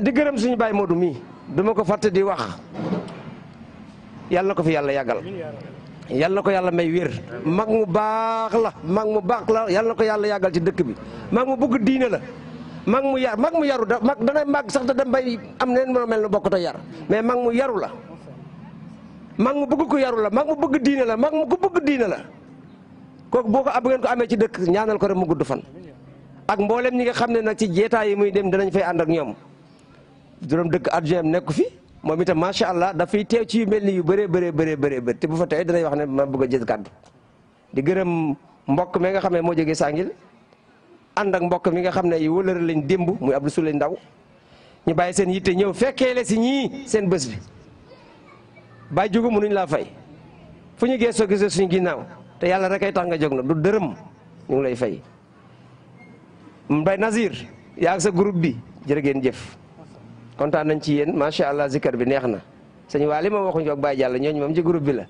di gërëm suñu baay Modou mii duma ko fàtte di wax yàlla na ko fi yàlla yàggal yàlla na ko yàlla may wér mag mu baax la mag mu baax la yàlla na ko yàlla yàggal ci dëkk bi mag mu bëgg diine la mag mu yar mag mu yaru da mag dana mag sax da dem bay am neen mën mel ne bokkut a yar mais mag mu yaru la mag mu bëgg ko yaru la mag mu bëgg diine la mag mu ko bëgg diine la kooku boo ko ab ngeen ko amee ci dëkk ñaanal ko rek mu gudd fan ak mboolem ñi nga xam ne nag ci jeetaay yi muy dem danañ fay ànd ak ñoom juróom dëkk adjoint nekku fi moom itam macha allah dafay teew ci yu mel ni yu bëree bëree bëree bëree te bu fa teewee danay wax ne ma bëgg a jël kàddu di gërëm mbokk mi nga xam ne moo jógee sàngil ànd ak mbokk mi nga xam ne yu wëlëra lañ démb muy Abdou Souley Ndaw ñu bàyyi seen yitte ñëw fekkee le si ñii seen bës bi bàyyi jugu mënuñ laa fay fu ñu geesoo gisee suñ ginnaaw te yàlla rek ay tax nga jog na du dërëm ñu ngi lay fay mbay Nazir yaa ak sa groupe bi jërë jëf kontaan nañ ci yéen macha allah zikar bi neex na sëñ Waly ma waxuñu ak Baye Diallo ñooñu moom ci groupe bi la.